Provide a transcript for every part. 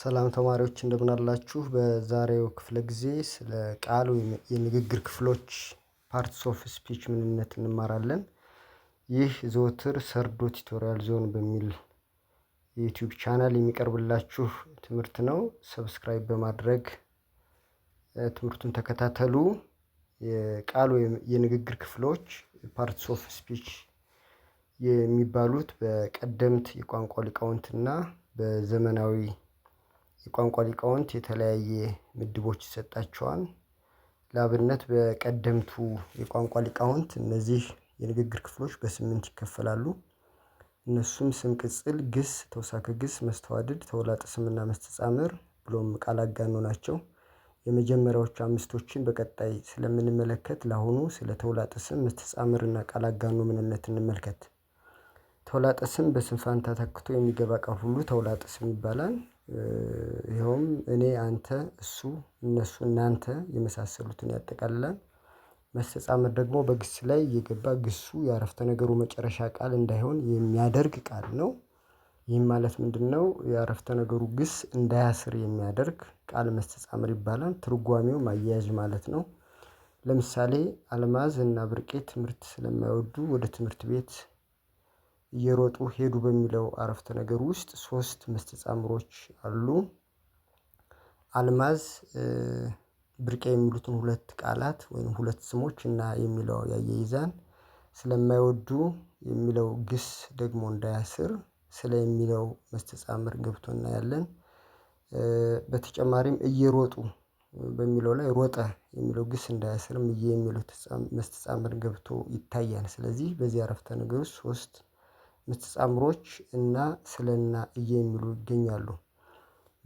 ሰላም ተማሪዎች እንደምናላችሁ በዛሬው ክፍለ ጊዜ ስለ ቃል ወይም የንግግር ክፍሎች ፓርትስ ኦፍ ስፒች ምንነት እንማራለን። ይህ ዘወትር ሰርዶ ቲቶሪያል ዞን በሚል የዩቲዩብ ቻናል የሚቀርብላችሁ ትምህርት ነው። ሰብስክራይብ በማድረግ ትምህርቱን ተከታተሉ። የቃል ወይም የንግግር ክፍሎች ፓርትስ ኦፍ ስፒች የሚባሉት በቀደምት የቋንቋ ሊቃውንትና በዘመናዊ የቋንቋ ሊቃውንት የተለያየ ምድቦች ይሰጣቸዋል። ለአብነት በቀደምቱ የቋንቋ ሊቃውንት እነዚህ የንግግር ክፍሎች በስምንት ይከፈላሉ። እነሱም ስም፣ ቅጽል፣ ግስ፣ ተውሳከ ግስ፣ መስተዋድድ፣ ተውላጠ ስምና መስተጻምር ብሎም ቃል አጋኖ ናቸው። የመጀመሪያዎቹ አምስቶችን በቀጣይ ስለምንመለከት ለአሁኑ ስለ ተውላጠ ስም መስተጻምርና ቃል አጋኖ ምንነት እንመልከት። ተውላጠ ስም በስም ፋንታ ተክቶ የሚገባ ቃል ሁሉ ተውላጠ ስም ይባላል። ይኸውም እኔ አንተ እሱ እነሱ እናንተ የመሳሰሉትን ያጠቃልላል። መስተጻምር ደግሞ በግስ ላይ እየገባ ግሱ የአረፍተ ነገሩ መጨረሻ ቃል እንዳይሆን የሚያደርግ ቃል ነው። ይህም ማለት ምንድነው? የአረፍተ ነገሩ ግስ እንዳያስር የሚያደርግ ቃል መስተጻምር ይባላል ትርጓሜው ማያያዥ ማለት ነው። ለምሳሌ አልማዝ እና ብርቄ ትምህርት ስለማይወዱ ወደ ትምህርት ቤት እየሮጡ ሄዱ በሚለው አረፍተ ነገር ውስጥ ሶስት መስተጻምሮች አሉ። አልማዝ ብርቄ የሚሉትን ሁለት ቃላት ወይም ሁለት ስሞች እና የሚለው ያያይዛል። ስለማይወዱ የሚለው ግስ ደግሞ እንዳያስር ስለ የሚለው መስተጻምር ገብቶ እናያለን። በተጨማሪም እየሮጡ በሚለው ላይ ሮጠ የሚለው ግስ እንዳያስርም እየ የሚለው መስተጻምር ገብቶ ይታያል። ስለዚህ በዚህ አረፍተ ነገር ውስጥ ሶስት ምትጻምሮች እና ስለና የሚሉ ይገኛሉ።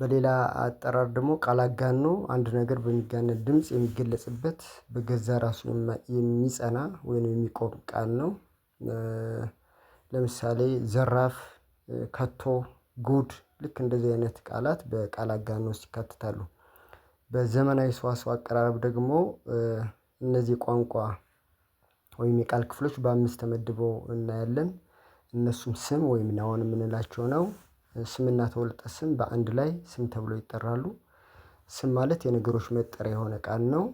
በሌላ አጠራር ደግሞ ቃል አጋኖ አንድ ነገር በሚጋነን ድምጽ የሚገለጽበት በገዛ ራሱ የሚጸና ወይም የሚቆም ቃል ነው። ለምሳሌ ዘራፍ ከቶ ጉድ ልክ እንደዚህ አይነት ቃላት በቃል አጋኖ ውስጥ ይካተታሉ። በዘመናዊ ሰዋሰው አቀራረብ ደግሞ እነዚህ ቋንቋ ወይም የቃል ክፍሎች በአምስት ተመድበው እናያለን እነሱም ስም ወይም ናውን የምንላቸው ነው። ስምና ተውልጠ ስም በአንድ ላይ ስም ተብሎ ይጠራሉ። ስም ማለት የነገሮች መጠሪያ የሆነ ቃል ነው።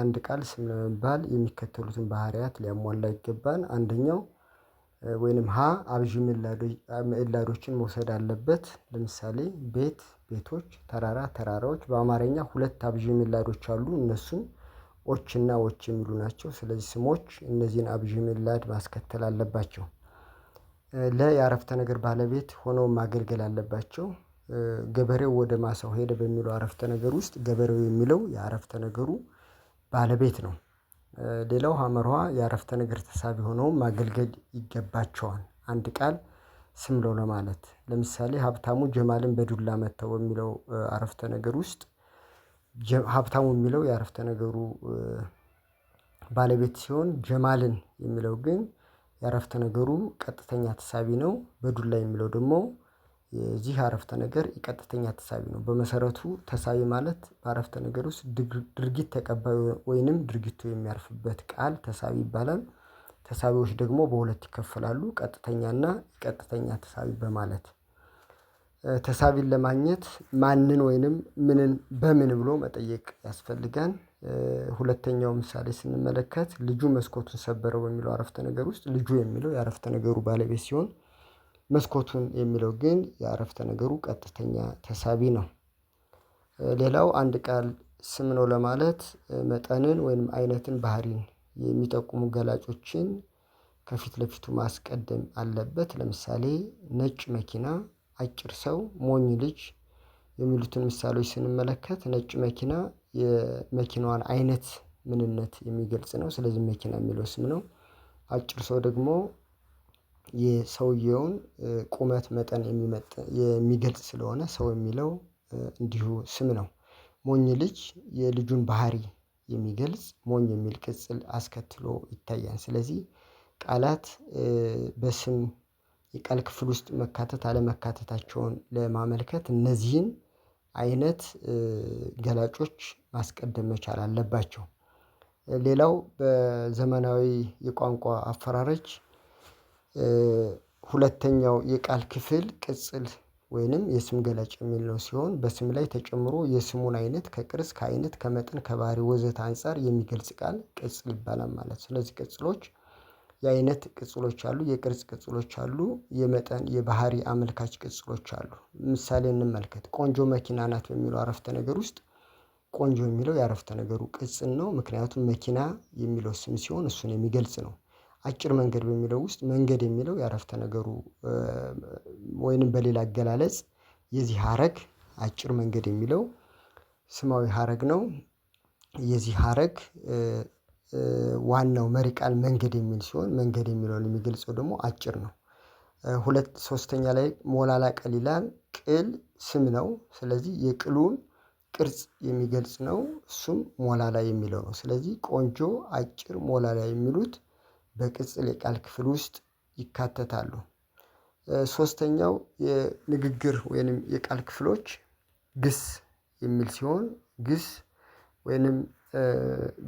አንድ ቃል ስም ለመባል የሚከተሉትን ባህሪያት ሊያሟላ ይገባል። አንደኛው ወይንም ሀ አብዥ ምዕላዶችን መውሰድ አለበት። ለምሳሌ ቤት ቤቶች ተራራ ተራራዎች በአማርኛ ሁለት አብዥ ምዕላዶች አሉ እነሱም ኦችና ዎች የሚሉ ናቸው። ስለዚህ ስሞች እነዚህን አብዥ ምዕላድ ማስከተል አለባቸው የአረፍተ ነገር ባለቤት ሆነው ማገልገል አለባቸው። ገበሬው ወደ ማሳው ሄደ በሚለው አረፍተ ነገር ውስጥ ገበሬው የሚለው የአረፍተ ነገሩ ባለቤት ነው። ሌላው ሀመርዋ የአረፍተ ነገር ተሳቢ ሆነው ማገልገል ይገባቸዋል። አንድ ቃል ስም ነው ለማለት ለምሳሌ ሀብታሙ ጀማልን በዱላ መታው በሚለው አረፍተ ነገር ውስጥ ሀብታሙ የሚለው የአረፍተ ነገሩ ባለቤት ሲሆን ጀማልን የሚለው ግን የአረፍተ ነገሩ ቀጥተኛ ተሳቢ ነው። በዱላ የሚለው ደግሞ የዚህ አረፍተ ነገር ቀጥተኛ ተሳቢ ነው። በመሰረቱ ተሳቢ ማለት በአረፍተ ነገር ውስጥ ድርጊት ተቀባዩ ወይንም ድርጊቱ የሚያርፍበት ቃል ተሳቢ ይባላል። ተሳቢዎች ደግሞ በሁለት ይከፈላሉ ቀጥተኛና ቀጥተኛ ተሳቢ በማለት ተሳቢን ለማግኘት ማንን ወይንም ምንን በምን ብሎ መጠየቅ ያስፈልጋል። ሁለተኛው ምሳሌ ስንመለከት ልጁ መስኮቱን ሰበረው በሚለው አረፍተ ነገር ውስጥ ልጁ የሚለው የአረፍተ ነገሩ ባለቤት ሲሆን መስኮቱን የሚለው ግን የአረፍተ ነገሩ ቀጥተኛ ተሳቢ ነው። ሌላው አንድ ቃል ስም ነው ለማለት መጠንን ወይንም አይነትን ባህሪን የሚጠቁሙ ገላጮችን ከፊት ለፊቱ ማስቀደም አለበት። ለምሳሌ ነጭ መኪና አጭር ሰው ሞኝ ልጅ የሚሉትን ምሳሌዎች ስንመለከት ነጭ መኪና የመኪናዋን አይነት ምንነት የሚገልጽ ነው። ስለዚህ መኪና የሚለው ስም ነው። አጭር ሰው ደግሞ የሰውየውን ቁመት መጠን የሚገልጽ ስለሆነ ሰው የሚለው እንዲሁ ስም ነው። ሞኝ ልጅ የልጁን ባህሪ የሚገልጽ ሞኝ የሚል ቅጽል አስከትሎ ይታያል። ስለዚህ ቃላት በስም የቃል ክፍል ውስጥ መካተት አለመካተታቸውን ለማመልከት እነዚህን አይነት ገላጮች ማስቀደም መቻል አለባቸው። ሌላው በዘመናዊ የቋንቋ አፈራረጅ ሁለተኛው የቃል ክፍል ቅጽል ወይንም የስም ገላጭ የሚለው ሲሆን በስም ላይ ተጨምሮ የስሙን አይነት ከቅርጽ ከአይነት ከመጠን ከባህሪ ወዘተ አንፃር የሚገልጽ ቃል ቅጽል ይባላል ማለት ስለዚህ ቅጽሎች የአይነት ቅጽሎች አሉ፣ የቅርጽ ቅጽሎች አሉ፣ የመጠን የባህሪ አመልካች ቅጽሎች አሉ። ምሳሌ እንመልከት። ቆንጆ መኪና ናት በሚለው አረፍተ ነገር ውስጥ ቆንጆ የሚለው የአረፍተ ነገሩ ቅጽን ነው። ምክንያቱም መኪና የሚለው ስም ሲሆን እሱን የሚገልጽ ነው። አጭር መንገድ በሚለው ውስጥ መንገድ የሚለው የአረፍተ ነገሩ ወይንም በሌላ አገላለጽ የዚህ ሀረግ አጭር መንገድ የሚለው ስማዊ ሀረግ ነው። የዚህ ሀረግ ዋናው መሪ ቃል መንገድ የሚል ሲሆን መንገድ የሚለውን የሚገልጸው ደግሞ አጭር ነው። ሁለት ሶስተኛ ላይ ሞላላ ቅል ይላል ቅል ስም ነው ስለዚህ የቅሉን ቅርጽ የሚገልጽ ነው እሱም ሞላላ የሚለው ነው። ስለዚህ ቆንጆ አጭር ሞላላ የሚሉት በቅጽል የቃል ክፍል ውስጥ ይካተታሉ። ሶስተኛው የንግግር ወይንም የቃል ክፍሎች ግስ የሚል ሲሆን ግስ ወይንም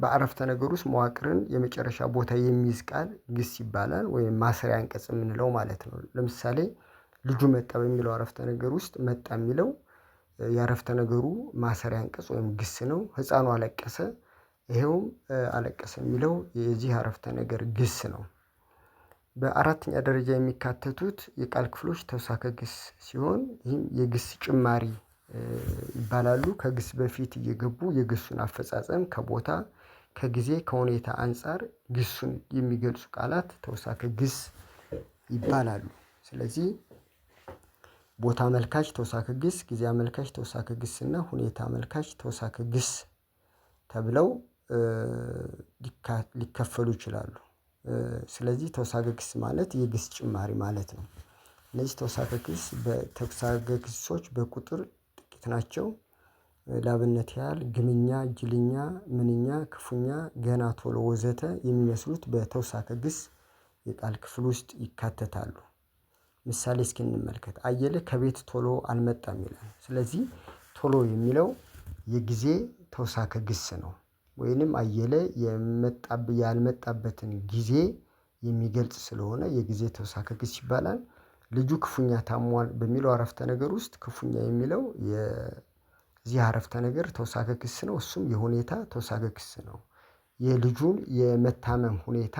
በአረፍተ ነገር ውስጥ መዋቅርን የመጨረሻ ቦታ የሚይዝ ቃል ግስ ይባላል ወይም ማሰሪያ አንቀጽ የምንለው ማለት ነው። ለምሳሌ ልጁ መጣ በሚለው አረፍተ ነገር ውስጥ መጣ የሚለው የአረፍተ ነገሩ ማሰሪያ አንቀጽ ወይም ግስ ነው። ህፃኑ አለቀሰ ይኸውም አለቀሰ የሚለው የዚህ አረፍተ ነገር ግስ ነው። በአራተኛ ደረጃ የሚካተቱት የቃል ክፍሎች ተውሳከ ግስ ሲሆን ይህም የግስ ጭማሪ ይባላሉ። ከግስ በፊት እየገቡ የግሱን አፈጻጸም ከቦታ ከጊዜ ከሁኔታ አንፃር ግሱን የሚገልጹ ቃላት ተውሳከ ግስ ይባላሉ። ስለዚህ ቦታ መልካች ተውሳከ ግስ፣ ጊዜ አመልካች ተውሳከ ግስ እና ሁኔታ መልካች ተውሳከ ግስ ተብለው ሊከፈሉ ይችላሉ። ስለዚህ ተውሳከ ግስ ማለት የግስ ጭማሪ ማለት ነው። እነዚህ ተውሳከ ግስ በተውሳከ ግሶች በቁጥር ናቸው። ለአብነት ያህል ግምኛ ጅልኛ ምንኛ ክፉኛ ገና ቶሎ ወዘተ የሚመስሉት በተውሳከ ግስ የቃል ክፍል ውስጥ ይካተታሉ። ምሳሌ እስኪ እንመልከት አየለ ከቤት ቶሎ አልመጣም ይላል ስለዚህ ቶሎ የሚለው የጊዜ ተውሳከ ግስ ነው። ወይንም አየለ ያልመጣበትን ጊዜ የሚገልጽ ስለሆነ የጊዜ ተውሳከ ግስ ይባላል ልጁ ክፉኛ ታሟል በሚለው አረፍተ ነገር ውስጥ ክፉኛ የሚለው የዚህ አረፍተ ነገር ተውሳከ ክስ ነው። እሱም የሁኔታ ተውሳከ ክስ ነው። የልጁን የመታመም ሁኔታ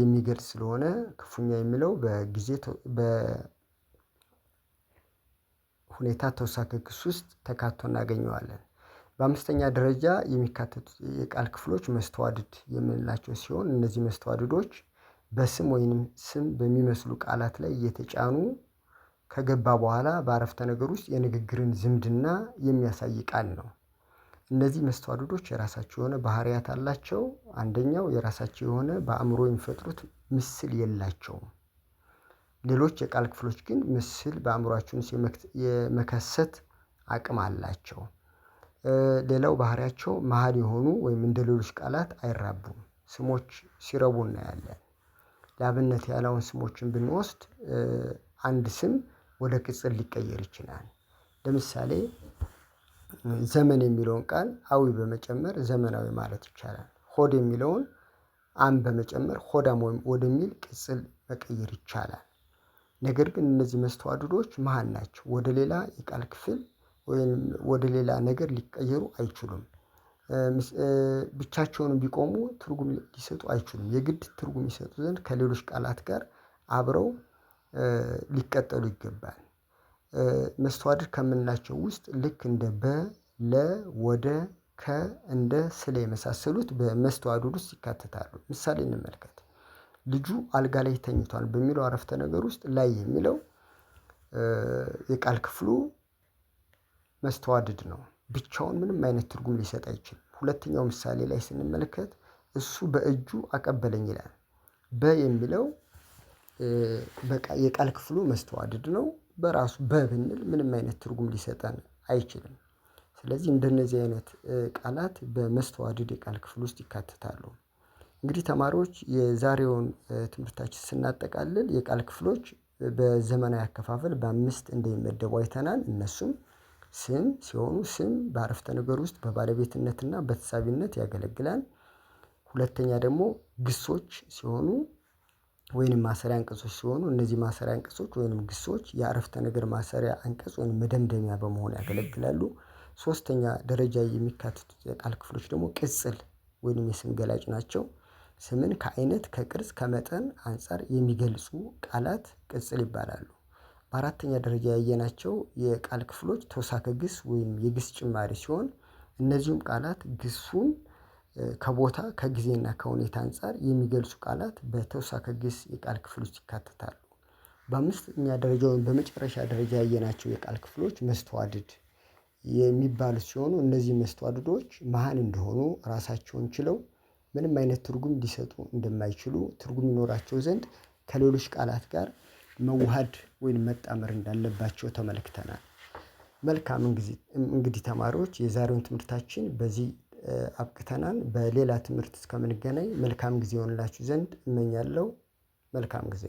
የሚገልጽ ስለሆነ ክፉኛ የሚለው በጊዜ በሁኔታ ተውሳከ ክስ ውስጥ ተካቶ እናገኘዋለን። በአምስተኛ ደረጃ የሚካተቱት የቃል ክፍሎች መስተዋድድ የምንላቸው ሲሆን እነዚህ መስተዋድዶች በስም ወይንም ስም በሚመስሉ ቃላት ላይ እየተጫኑ ከገባ በኋላ በአረፍተ ነገር ውስጥ የንግግርን ዝምድና የሚያሳይ ቃል ነው። እነዚህ መስተዋድዶች የራሳቸው የሆነ ባህሪያት አላቸው። አንደኛው የራሳቸው የሆነ በአእምሮ የሚፈጥሩት ምስል የላቸውም። ሌሎች የቃል ክፍሎች ግን ምስል በአእምሮአችን የመከሰት አቅም አላቸው። ሌላው ባህሪያቸው መሃል የሆኑ ወይም እንደሌሎች ቃላት አይራቡም። ስሞች ሲረቡ እናያለን ለአብነት ያለውን ስሞችን ብንወስድ አንድ ስም ወደ ቅጽል ሊቀየር ይችላል። ለምሳሌ ዘመን የሚለውን ቃል አዊ በመጨመር ዘመናዊ ማለት ይቻላል። ሆድ የሚለውን አም በመጨመር ሆዳም ወደሚል ቅጽል መቀየር ይቻላል። ነገር ግን እነዚህ መስተዋድዶች መሃል ናቸው። ወደ ሌላ የቃል ክፍል ወይም ወደ ሌላ ነገር ሊቀየሩ አይችሉም ብቻቸውን ቢቆሙ ትርጉም ሊሰጡ አይችሉም። የግድ ትርጉም ይሰጡ ዘንድ ከሌሎች ቃላት ጋር አብረው ሊቀጠሉ ይገባል። መስተዋድድ ከምንላቸው ውስጥ ልክ እንደ በ፣ ለ፣ ወደ፣ ከ፣ እንደ፣ ስለ የመሳሰሉት በመስተዋድድ ውስጥ ይካተታሉ። ምሳሌ እንመልከት። ልጁ አልጋ ላይ ተኝቷል በሚለው አረፍተ ነገር ውስጥ ላይ የሚለው የቃል ክፍሉ መስተዋድድ ነው። ብቻውን ምንም አይነት ትርጉም ሊሰጥ አይችልም። ሁለተኛው ምሳሌ ላይ ስንመለከት እሱ በእጁ አቀበለኝ ይላል። በ የሚለው የቃል ክፍሉ መስተዋድድ ነው። በራሱ በ ብንል ምንም አይነት ትርጉም ሊሰጠን አይችልም። ስለዚህ እንደነዚህ አይነት ቃላት በመስተዋድድ የቃል ክፍል ውስጥ ይካተታሉ። እንግዲህ ተማሪዎች የዛሬውን ትምህርታችን ስናጠቃልል የቃል ክፍሎች በዘመናዊ አከፋፈል በአምስት እንደሚመደቡ አይተናል። እነሱም ስም ሲሆኑ ስም በአረፍተ ነገር ውስጥ በባለቤትነትና በተሳቢነት ያገለግላል። ሁለተኛ ደግሞ ግሶች ሲሆኑ ወይንም ማሰሪያ አንቀጾች ሲሆኑ እነዚህ ማሰሪያ አንቀጾች ወይንም ግሶች የአረፍተ ነገር ማሰሪያ አንቀጽ ወይንም መደምደሚያ በመሆን ያገለግላሉ። ሶስተኛ ደረጃ የሚካተቱት የቃል ክፍሎች ደግሞ ቅጽል ወይንም የስም ገላጭ ናቸው። ስምን ከአይነት ከቅርጽ ከመጠን አንፃር የሚገልጹ ቃላት ቅጽል ይባላሉ በአራተኛ ደረጃ ያየናቸው የቃል ክፍሎች ተውሳከ ግስ ወይም የግስ ጭማሪ ሲሆን እነዚሁም ቃላት ግሱን ከቦታ ከጊዜና ከሁኔታ አንፃር የሚገልጹ ቃላት በተውሳከ ግስ የቃል ክፍል ውስጥ ይካተታሉ። በአምስተኛ ደረጃ ወይም በመጨረሻ ደረጃ ያየናቸው የቃል ክፍሎች መስተዋድድ የሚባሉ ሲሆኑ እነዚህ መስተዋድዶች መሀን እንደሆኑ ራሳቸውን ችለው ምንም አይነት ትርጉም ሊሰጡ እንደማይችሉ ትርጉም ይኖራቸው ዘንድ ከሌሎች ቃላት ጋር መዋሃድ ወይም መጣመር እንዳለባቸው ተመልክተናል። መልካም እንግዲህ ተማሪዎች የዛሬውን ትምህርታችን በዚህ አብቅተናል። በሌላ ትምህርት እስከምንገናኝ መልካም ጊዜ የሆንላችሁ ዘንድ እመኛለሁ። መልካም ጊዜ